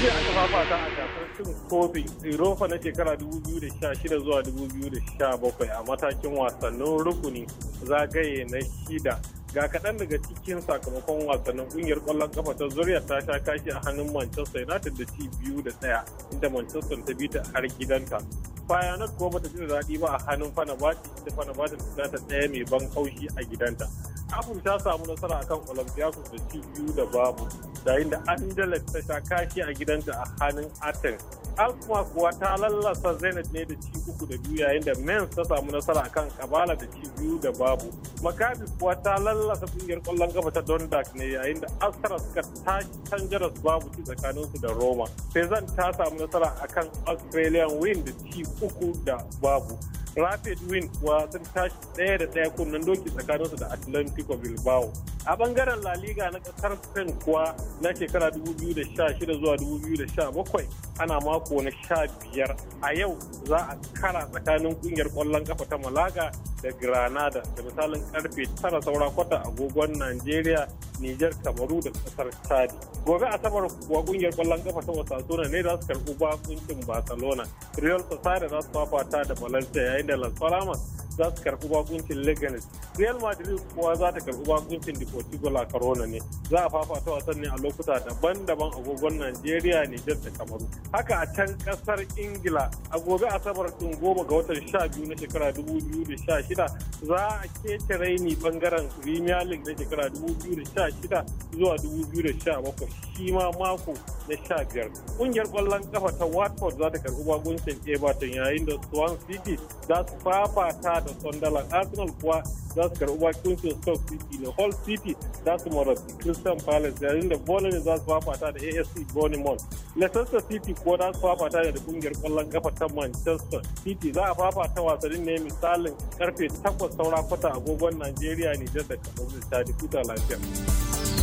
jiya aka fafata a gasar cin kofin europa na shekara 2016 zuwa 2017 a matakin wasannin rukuni zagaye na shida ga kaɗan daga cikin sakamakon wasannin ƙungiyar ƙwallon kafa ta zuriya ta sha kashi a hannun manchester united da ci biyu da ɗaya inda manchester ta bi ta har gidanta bayanan kuwa bata ji da daɗi ba a hannun fanabati da fanabati ta ta ɗaya mai ban haushi a gidanta kafin ta samu nasara akan Olympiakos da ci biyu da babu yayin da an ta sha kashi a gidanta a hannun Athens. Alkuma kuwa ta lallasa Zainab ne da ci uku da biyu yayin da Mens ta samu nasara akan Kabala da ci biyu da babu. Maccabi kuwa ta lallasa kungiyar kwallon kafa ta Dundalk ne yayin da astra suka tashi canjaras babu ci tsakaninsu da Roma. Sai zan ta samu nasara akan Australian wind da ci uku da babu. rapid win wasan tashi ɗaya da ɗaya kunnen doki tsakaninsu da atlantico bilbao a bangaren la liga na kasar spain kuwa na shekara 2016 zuwa 2017 ana mako na sha biyar a yau za a kara tsakanin kungiyar kwallon kafa ta malaga da granada da misalin karfe tara saura kwata agogon nigeria Nijar, Kamaru da kasar Chad. Gobe Asabar kuwa kungiyar kwallon kafa ta Osasuna ne za su karɓi bakuncin Barcelona. Real Sociedad za su fafata da Valencia yayin da Las Palmas za su karɓi bakuncin leganes real madrid kuwa za ta karɓi bakuncin deportivo la corona ne za a fafata wasan ne a lokuta daban-daban agogon najeriya nijar da kamaru haka a can ƙasar ingila a gobe asabar ɗin goma ga watan sha biyu na shekara dubu biyu da sha shida za a kece raini bangaren premier league na shekara dubu biyu da sha shida zuwa dubu biyu da sha bakwai shi ma mako na sha biyar kungiyar kwallon kafa ta watford za ta karbi baguncin everton yayin da swan city za su fafata da sunderland arsenal kuwa za su karbi baguncin stoke city na hull city za su marabi crystal palace yayin da bolonia za su fafata da asc bournemouth leicester city kuwa za su fafata da kungiyar kwallon kafa ta manchester city za a fafata wasannin ne misalin karfe takwas saura kwata agogon najeriya nijar da kamar da ta lafiya.